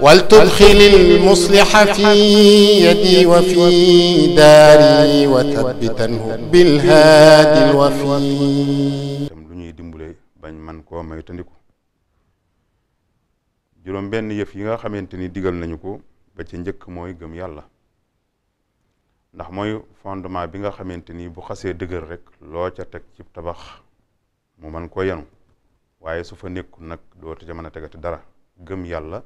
ولتدخل المصلح في يدي وفي داري وثبتنه بالهادي الوفي lu ñuy dimbale bañ man koo moytandiku juróom benn yëf yi nga xamante ni digal nañu ko ba ci njëkk mooy gëm yàlla ndax mooy fondement bi nga xamante ni bu xasee dëgër rek loo ca teg cib tabax mu man koo yenu waaye su fa nekkul nag dootu ca mën a tegati dara gëm yàlla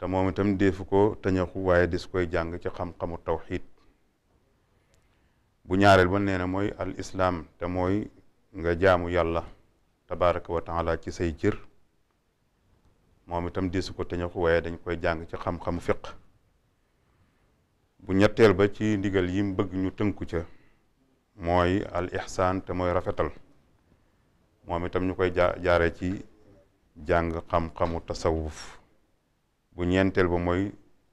te moom itam deesu ko tëñaxu waaye des koy jàng ci xam-xamu tawxiid bu ñaareel ba nee na mooy al islaam te mooy nga jaamu yàlla tabaraka wa taala ci say cër moom itam deesu ko tëñaxu waaye dañ koy jàng ci xam-xamu fiq bu ñetteel ba ci ndigal yim bëgg ñu tënku ca mooy al ihsaan te mooy rafetal moom itam ñu koy jaare ci jàng xam-xamu tasawuf bu ñeenteel ba mooy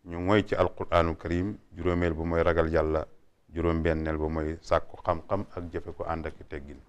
ñu moy ci alquraanul karim juróomeel ba mooy ragal yàlla juróom-benneel ba mooy sàkku xam-xam ak jëfe ko ànd ak teggin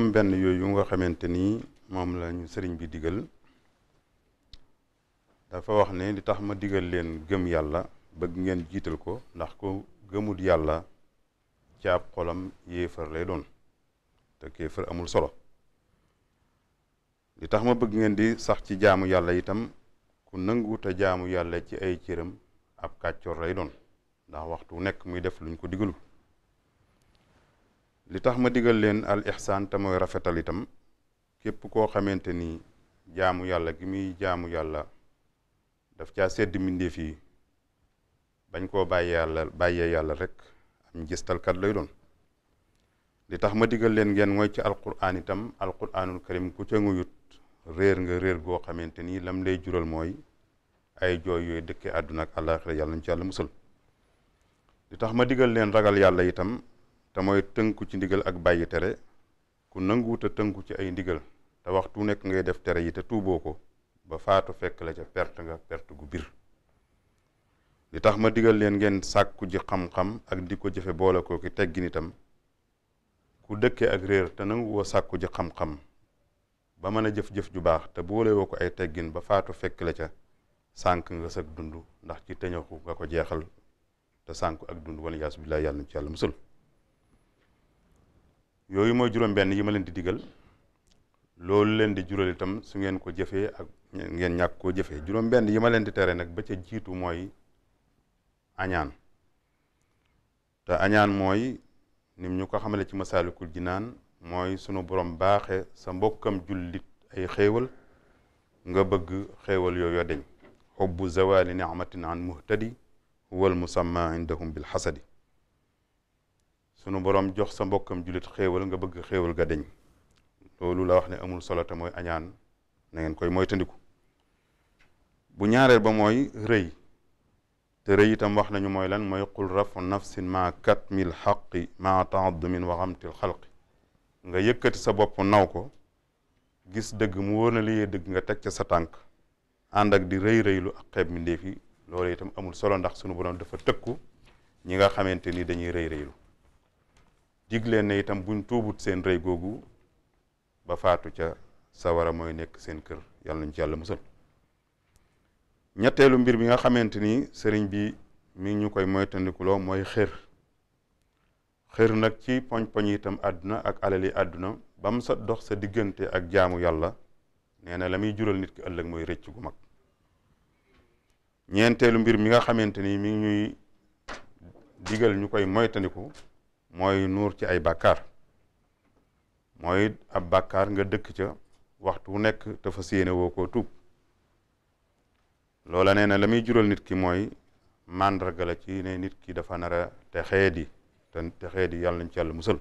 juróom benn yooyu nga xamante ni moom la ñu sëriñ bi digal dafa wax ne li tax ma digal leen gëm yàlla bëgg ngeen jiital ko ndax ko gëmut yàlla ab xolam yéefar lay doon te kéefar amul solo li tax ma bëgg ngeen di sax ci jaamu yàlla itam ku nanguwut jaamu yàlla ci ay cëram ab kàccoor lay doon ndax waxtu nekk muy def luñ ko digalu li tax ma digal leen al ihsaan te mooy rafetal itam képp koo xamante ni jaamu yàlla gi muy jaamu yàlla daf caa sedd mbindeef yi bañ koo bàyyee yàlla bàyyee yàlla rek am gistalkat lay doon li tax ma digal leen ngeen mooy ci alquran itam alquranul karim ku ca nguyut réer nga réer goo xamante ni lam lay jural mooy ay jooy yooy dëkkee àdduna ak àllaaxira yàlla ñu ci yàlla musal li tax ma digal leen ragal yàlla itam te mooy tënku ci ndigal ak bàyyi tere ku nanguwut a tënku ci ay ndigal te waxtu nekk ngay def tere yi te tuuboo ko ba faatu fekk la ca perte nga perte gu biir li tax ma digal leen ngeen sàkku ji xam-xam ak di ko jëfe boole ko ki teggin itam ku dëkkee ak réer te nanguwoo sàkku ji xam-xam ba mën a jëf-jëf ju baax te boole woo ko ay teggin ba faatu fekk la ca sànk nga sag dund ndax ci teñaxu nga ko jeexal te sànk ak dund wala yaasu billaah yàlla na ci yàlla musul yooyu mooy juróom-benn yi ma leen di diggal loolu leen di jural itam su ngeen ko jëfee ak ngeen ñàkk koo jëfee juróom-benn yi ma leen di tere nag ba ca jiitu mooy añaan te añaan mooy nim ñu ko xamale ci masaalikul jinaan mooy sunu borom baaxe sa mbokkam jullit ay xéewal nga bëgg xéewal yooyu deñ xubbu zawali ni'matin an muhtadi huwa al musamma indahum bil xasadi sunu borom jox sa mbokkam jullit xéewal nga bëgg xéewal nga deñ loolu la wax ne amul solo te mooy añaan na ngeen koy moytandiku bu ñaareel ba mooy rëy te rëy itam wax nañu mooy lan mooy qul rafu nafsin ma katmil xaqi ma taaddumin wa xamtil xalqi nga yëkkati sa bopp naw ko gis dëgg mu wóor na liyee dëgg nga teg ca sa tànk ànd ak di rëy rëylu ak xeeb mi ndéefi loolu itam amul solo ndax sunu borom dafa tëkku ñi nga xamante ni dañuy rëy rëylu digleen ne itam buñ tuubut seen rëy googu ba faatu ca sawara mooy nekk seen kër yàlla nañ ci yàlla musal ñetteelu mbir mi nga xamante ni sëriñ bi mi ngi ñu koy moytandikuloo mooy xër xër nag ci poñ-poñ itam àdduna ak alal yi àdduna ba mu sa dox sa diggante ak jaamu yàlla nee na la muy jural nit ki ëllëg mooy rëcc gu mag ñeenteelu mbir mi nga xamante ni mi ngi ñuy digal ñu koy moytandiku mooy nuur ci ay bàkkaar mooy ab bàkkaar nga dëkk ca waxtu wu nekk te fas yéene woo koo tuub loola nee na la muy jural nit ki mooy màndarga ci ne nit ki dafa nar te texee di te texee di yàlla nañ ci yàlla musal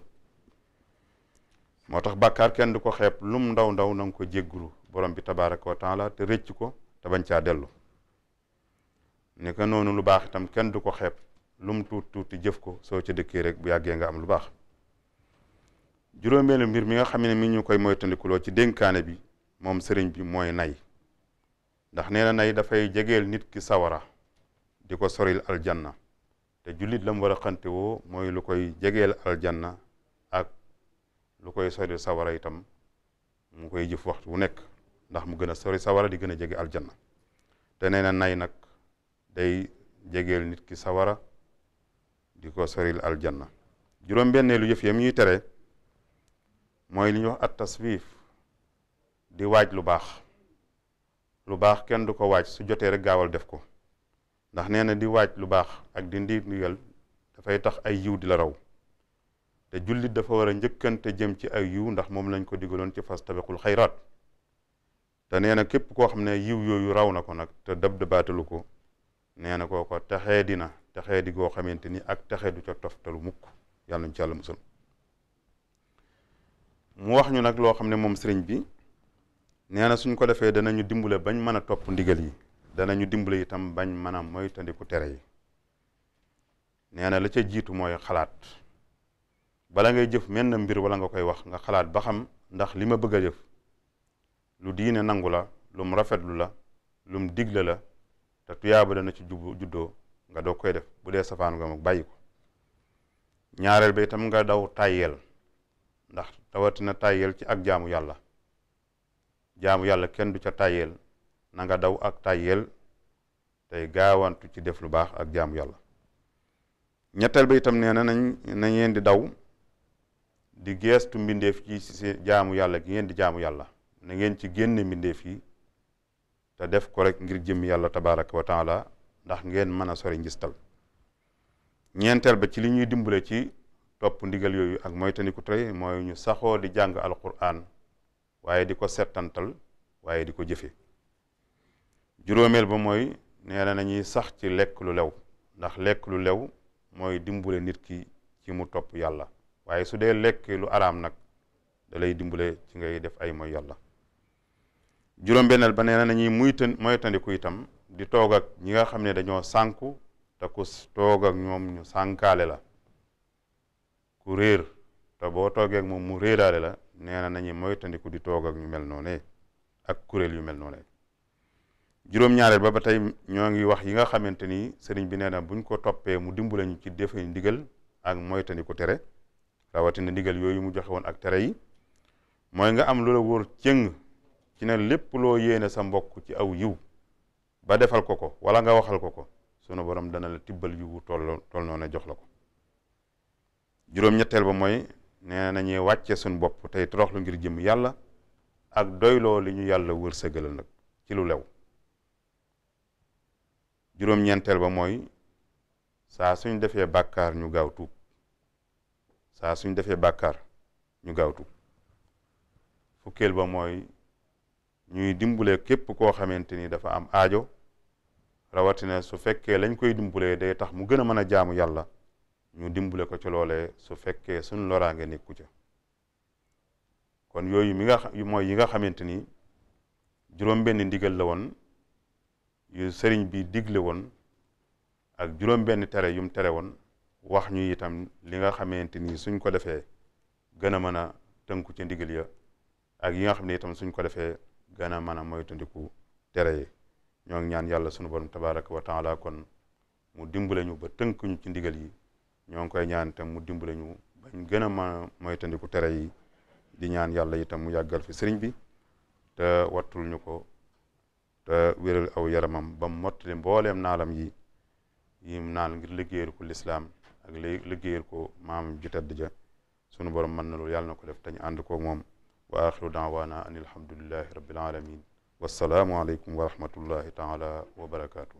moo tax bàkkaar kenn du ko xeeb lum ndaw ndaw na ko jéggulu borom bi tabaraka wa taala te rëcc ko te bañ caa dellu ni ko noonu lu baax itam kenn du ko xeeb lu mu tuuti tuuti jëf ko soo ca dëkkee rek bu yàggee nga am lu baax juróomeelu mbir mi nga xam ne mi ñu koy moytandikuloo ci dénkaane bi moom sëriñ bi mooy nay ndax nee na nay dafay jegeel nit ki sawara di ko soril aljanna te jullit la war a xante mooy lu koy jegeel aljanna ak lu koy soril sawara itam mu koy jëf waxtu wu nekk ndax mu gën a sori sawara di gën a jege aljanna te nee na nay nag day jegeel nit ki sawara di ko soril aljanna juróom lu yëf yam ñuy tere mooy li ñuy wax at taswif di waaj lu baax lu baax kenn du ko waaj su jotee rek gaawal def ko ndax nee na di waaj lu baax ak di ndi dafay tax ay yiw di la raw te jullit dafa war a njëkkante jëm ci ay yiw ndax moom lañ ko digaloon ci fas tabiqul xayraat te nee na képp koo xam ne yiw yooyu raw na ko nag te dab dabaatalu ko nee na kooko texe dina texe di goo xamante ni ak texe du ca toftalu mukk yàlla nañ ci yàlla mu wax ñu nag loo xam ne moom sëriñ bi nee na suñ ko defee danañu dimbale bañ mën a topp ndigal yi danañu dimbale itam bañ mën a moytandiku tere yi nee na la ca jiitu mooy xalaat bala ngay jëf menn mbir wala nga koy wax nga xalaat ba xam ndax li ma bëgg a jëf lu diine nangu la lum rafetlu la lum digle la te tuyaaba na ci jub juddoo nga doog koy def bu dee safaan nga mag bàyyi ko ñaareel ba itam nga daw tàyyeel ndax tawatina tàyyeel ci ak jaamu yàlla jaamu yàlla kenn du ca tàyyeel nanga daw ak tàyyeel tey gaawantu ci def lu baax ak jaamu yàlla ñetteel ba itam nee na nañ di daw di geestu mbindeef yi ci jaamu yàlla gi ngeen di jaamu yàlla na ngeen ci génne mbindeef yi te def ko rek ngir jëm yàlla tabaraka wa taala ndax ngeen mën a sori njistal ñeenteel ba ci li ñuy dimbale ci topp ndigal yooyu ak moytandiku tey mooy ñu saxoo di jàng alquran waaye di ko settantal waaye di ko jëfe juróomeel ba mooy nee na nañuy sax ci lekk lu lew ndax lekk lu lew mooy dimbale nit ki ci mu topp yàlla waaye su dee lekk lu araam nag da lay dimbale ci ngay def ay mooy yàlla juróom-benneel ba nee na nañuy muy tan moytandiku itam di toog ak ñi nga xam ne dañoo sànku te ku toog ak ñoom ñu sànkaale la ku réer te boo toogee moom mu réeraale la nee na nañuy moytandiku di toog ak ñu mel noonee ak kuréel yu mel noonee juróom-ñaareel ba ba tey ñoo ngi wax yi nga xamante ni sëriñ bi nee na buñ ko toppee mu dimbale ci defe ndigal ak moytandiku tere rawatina ndigal yooyu mu joxe woon ak tere yi mooy nga am lu la wóor cëng ci ne lépp loo yéene sa mbokk ci aw yiw ba defal ko ko wala nga waxal ko ko sunu borom dana la tibbal yiwu toll toll noonu jox la ko juróom-ñetteel ba mooy nee nañuy wàcce suñu bopp tey toroxlu ngir jëm yàlla ak doyloo li ñu yàlla wërsëgalal nag ci lu lew juróom-ñeenteel ba mooy saa suñ defee bàkkaar ñu gaaw saa suñ defee bàkkaar ñu gaaw tuub fukkeel ba mooy ñuy dimbule képp koo xamante ni dafa am aajo rawatina su fekkee lañ koy dimbulee day tax mu gën a mën a jaamu yàlla ñu dimbule ko ci loolee su fekkee suñ loraange nekku ca kon yooyu mi nga mooy yi nga xamante ni juróom-benn ndigal la woon yu sëriñ bi digle woon ak juróom-benn tere yum tere woon wax ñu itam li nga xamante ni suñ ko defee gën a mën a tënku ci ndigal ya ak yi nga xam ne itam suñ ko defee gën a mën moytandiku tere yi ñoo ngi ñaan yàlla sunu borom tabaraka wa taala kon mu dimbale ñu ba tënkuñu ci ndigal yi ñoo ngi koy ñaan itam mu dimbale ñu bañ gën a mën moytandiku tere yi di ñaan yàlla tam mu yàggal fi sëriñ bi te wattul ñu ko te wéral aw yaramam ba mu mottali mbooleem naalam yi yim naal ngir liggéeyal ku lislaam ak liggéeyal ko maam ju tedd ja sunu borom mën na loolu yàlla na ko def te ñu ànd ko moom wa axiru daawaana an alhamdulilahi rabbil alamin wassalaamu aleykum wa rahmatullahi taala wa barakaatu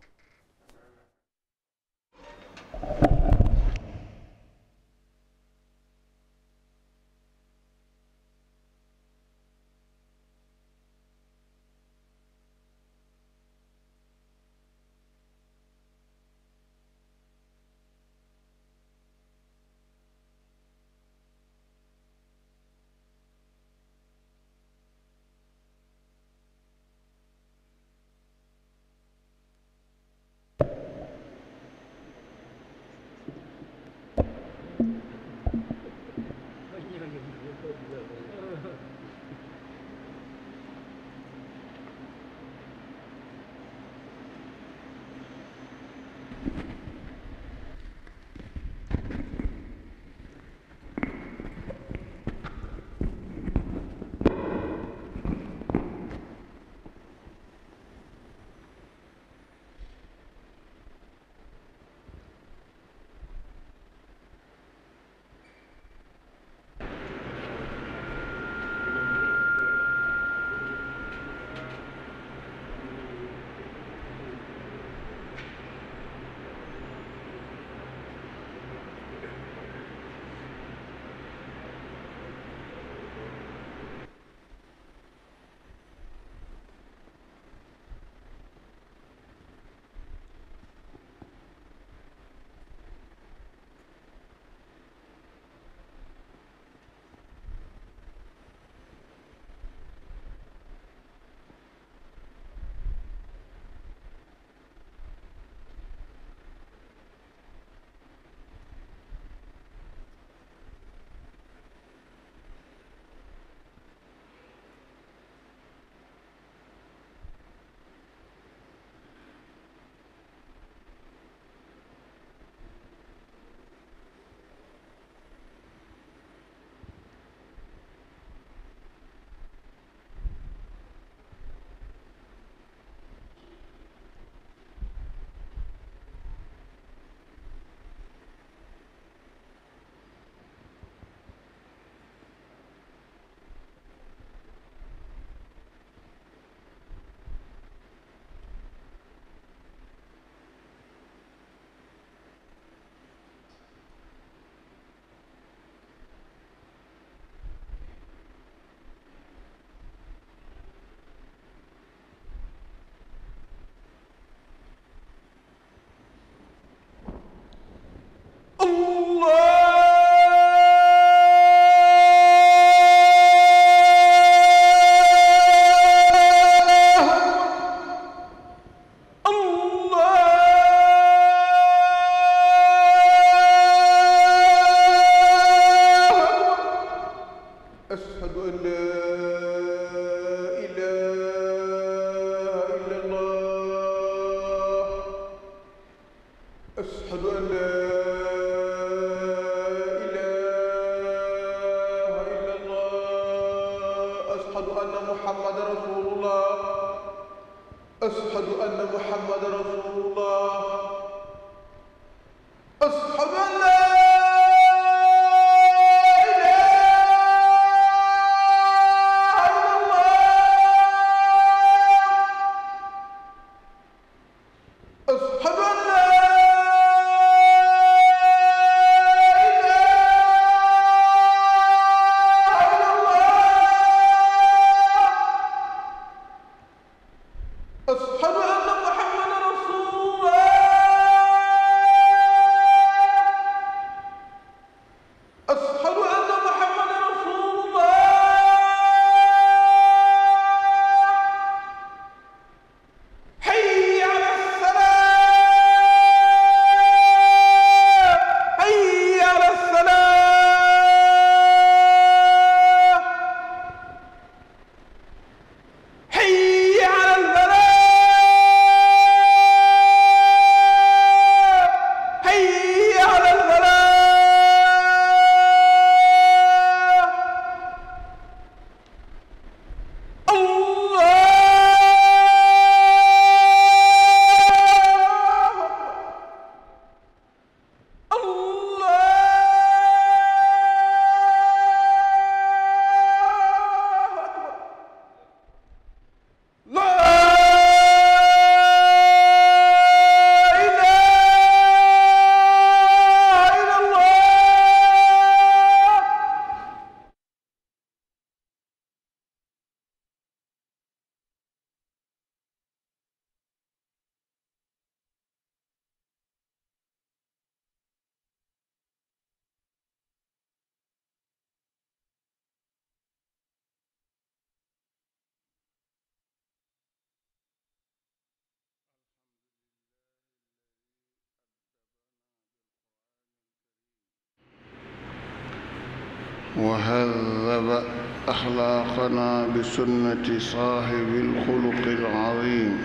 إطلاقنا بسنة صاحب الخلق العظيم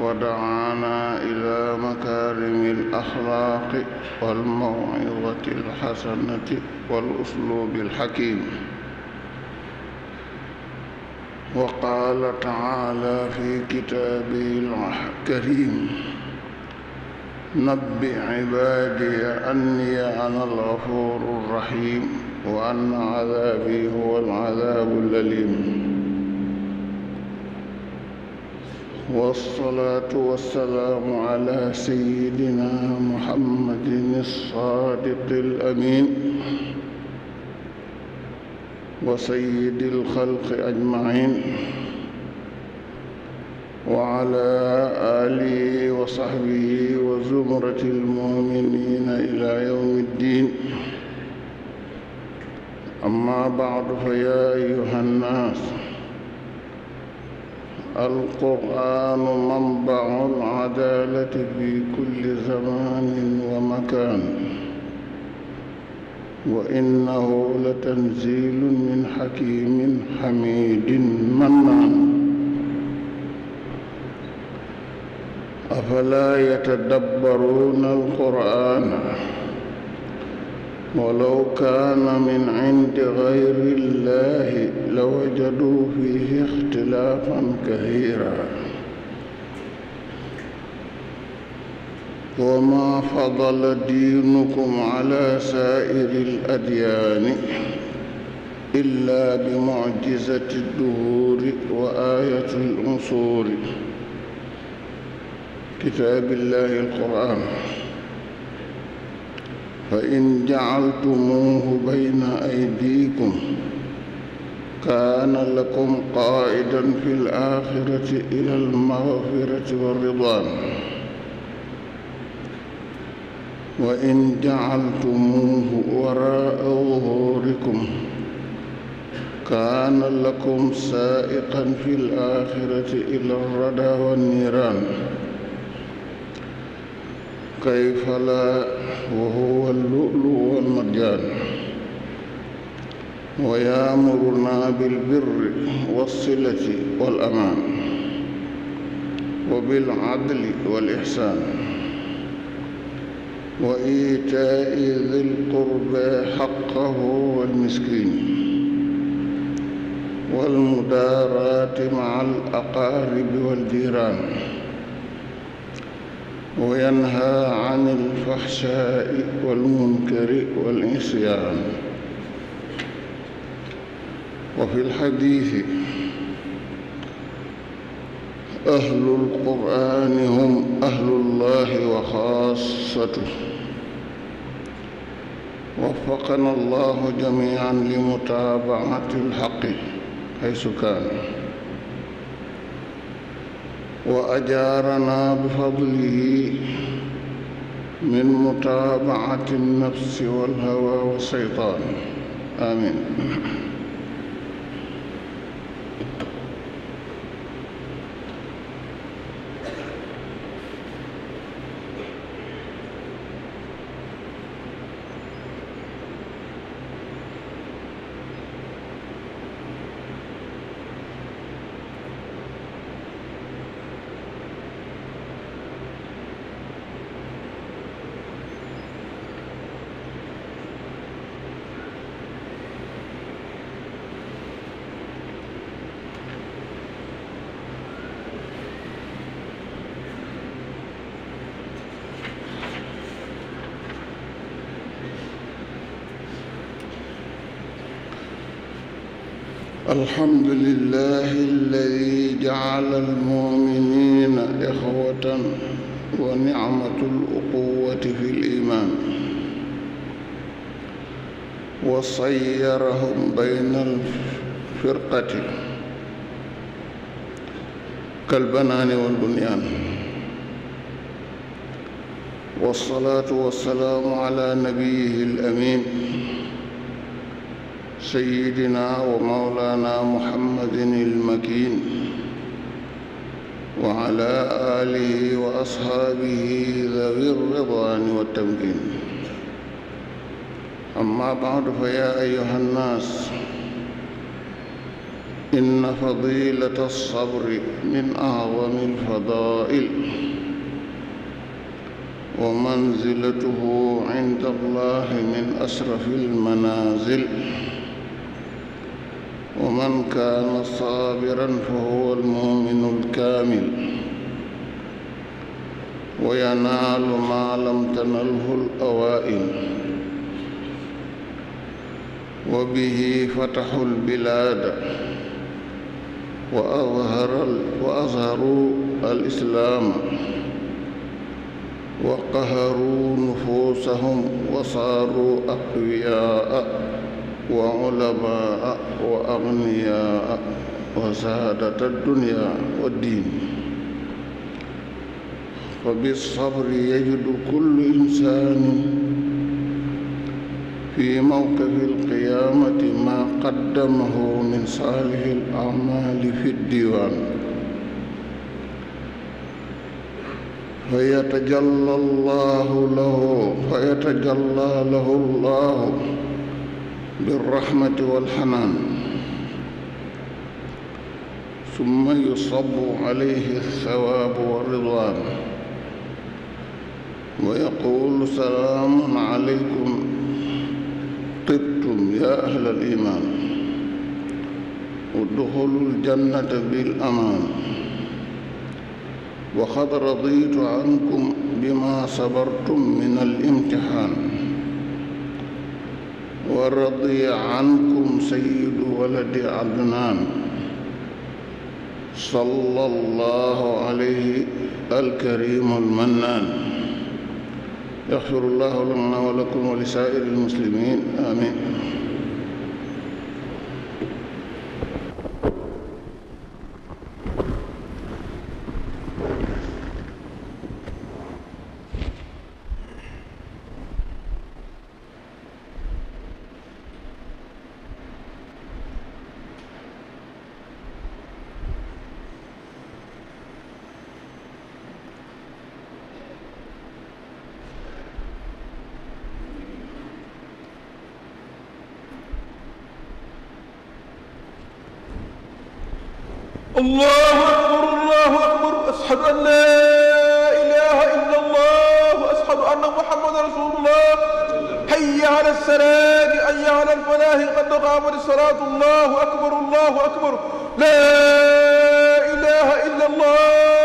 ودعانا إلى مكارم الأخلاق والموعظة الحسنة والأسلوب الحكيم وقال تعالى في كتابه الكريم نبئ عبادي أني أنا الغفور الرحيم وأن عذابي هو العذاب الأليم والصلاة والسلام على سيدنا محمد الصادق الأمين وسيد الخلق أجمعين وعلى آله وصحبه وزمرة المؤمنين إلى يوم الدين أما بعد فيا أيها الناس القرآن منبع العدالة في كل زمان ومكان وإنه لتنزيل من حكيم حميد منان أفلا يتدبرون القرآن ولو كان من عند غير الله لوجدوا فيه اختلافا كثيرا وما فضل دينكم على سائر الأديان إلا بمعجزة الدهور وآية الأنصور كتاب الله القرآن فإن جعلتموه بين أيديكم كان لكم قائدا في الآخرة إلى المغفرة والرضوان وإن جعلتموه وراء ظهوركم كان لكم سائقا في الآخرة إلى الردى والنيران كيف لا وهو اللؤلؤ والمرجان ويامرنا بالبر والصلة والأمان وبالعدل والإحسان وإيتاء ذي القربى حقه والمسكين والمدارات مع الأقارب والجيران وينهى عن الفحشاء والمنكر والعصيان وفي الحديث أهل القرآن هم أهل الله وخاصته وفقنا الله جميعا لمتابعة الحق حيث كان وأجارنا بفضله من متابعة النفس والهوى والشيطان آمين الحمد لله الذي جعل المؤمنين إخوة ونعمة الأخوة في الإيمان وصيرهم بين الفرقة كالبنان والبنيان والصلاة والسلام على نبيه الأمين سيدنا ومولانا محمد المكين وعلى آله وأصحابه ذوي الرضوان والتمكين أما بعد فيا أيها الناس إن فضيلة الصبر من أعظم الفضائل ومنزلته عند الله من أشرف المنازل ومن كان صابرا فهو المؤمن الكامل وينال ما لم تنله الأوائل وبه فتحوا البلاد وأظهر وأظهروا الإسلام وقهروا نفوسهم وصاروا أقوياء وعلماء وأغنياء وسادة الدنيا والدين فبالصبر يجد كل إنسان في موقف القيامة ما قدمه من صالح الأعمال في الديوان فيتجلى الله له فيتجلى له الله بالرحمة والحنان ثم يصب عليه الثواب والرضوان ويقول سلام عليكم طبتم يا أهل الإيمان ادخلوا الجنة بالأمان وقد رضيت عنكم بما صبرتم من الامتحان ورضي عنكم سيد ولد عدنان صلى الله عليه الكريم المنان يغفر الله لنا ولكم ولسائر المسلمين آمين allahu akbar allahu akbar ashhadu an la ilaha illa allah ashhadu anna muhammadan rasulullah hayya ala salaati hayya ala falaahi qad qaamat salaatu allahu akbar allahu akbar la ilaha illa allah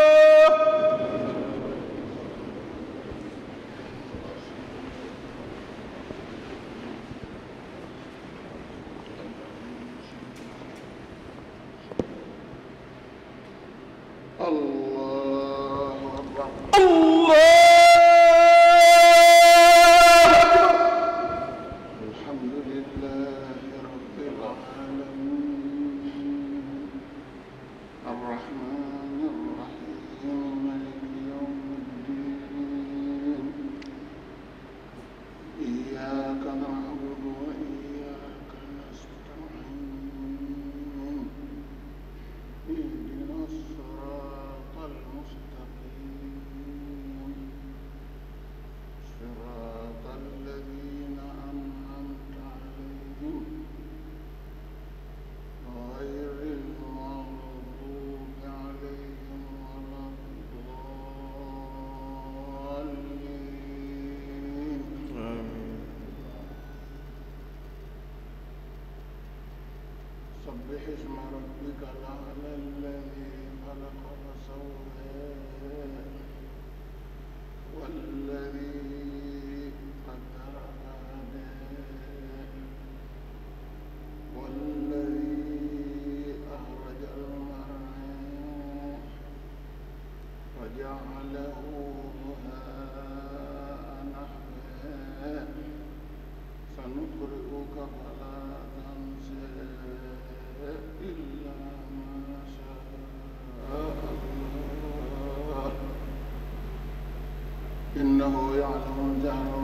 إنه يعلم الجهر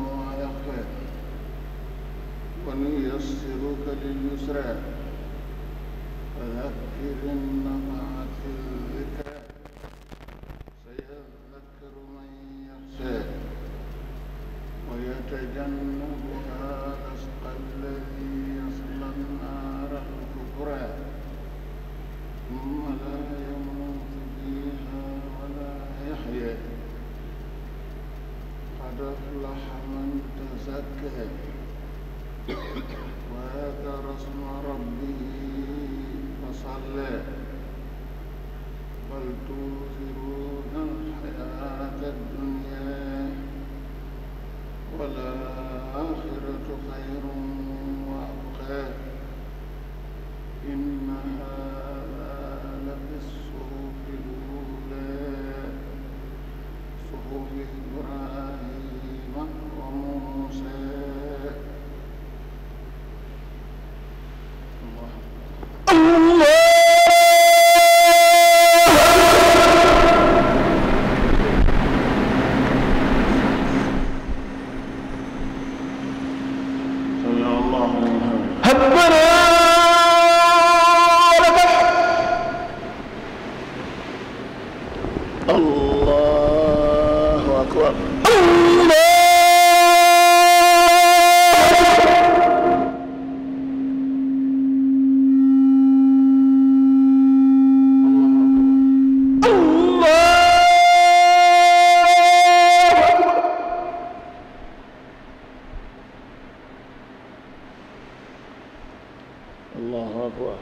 allahu akbar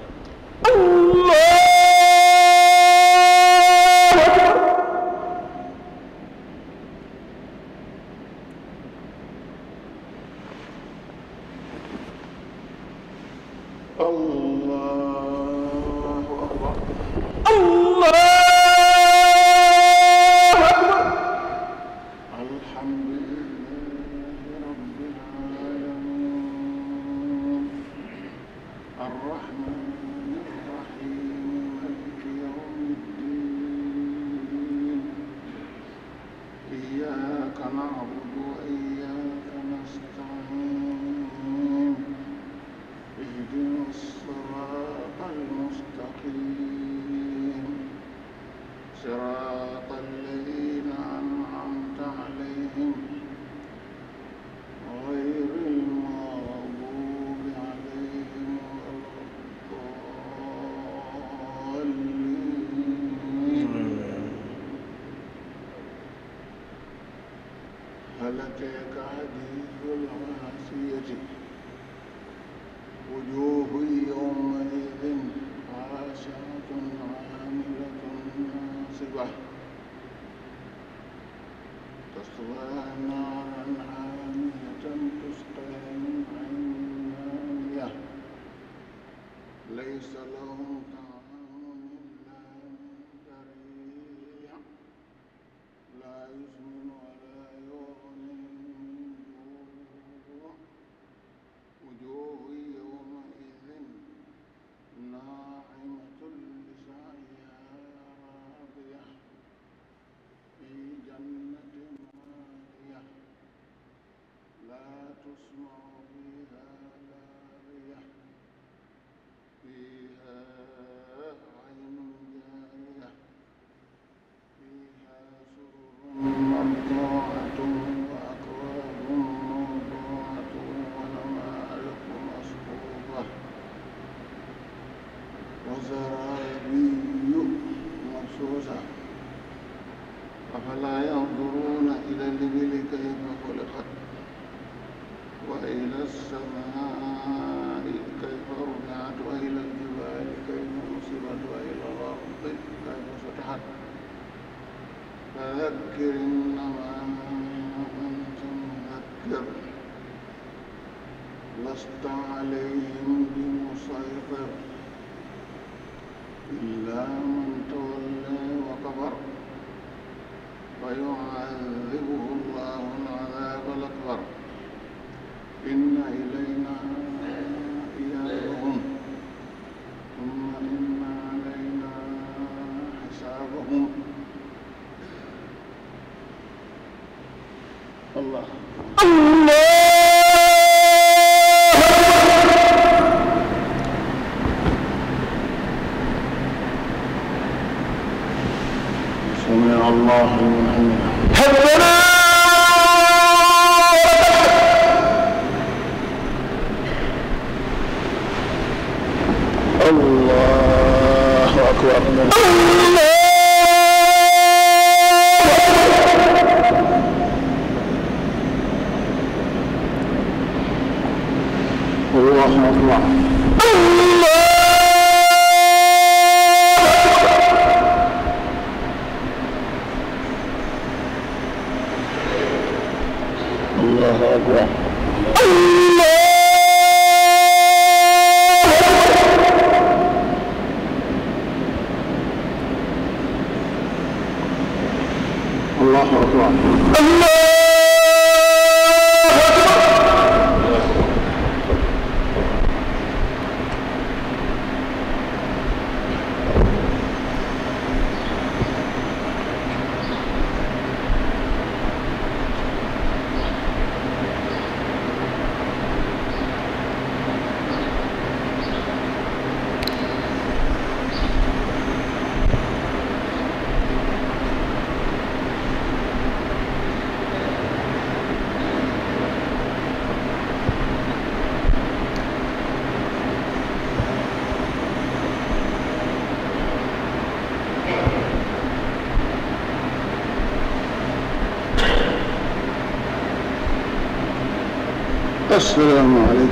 ويعذب asalaamaaleykum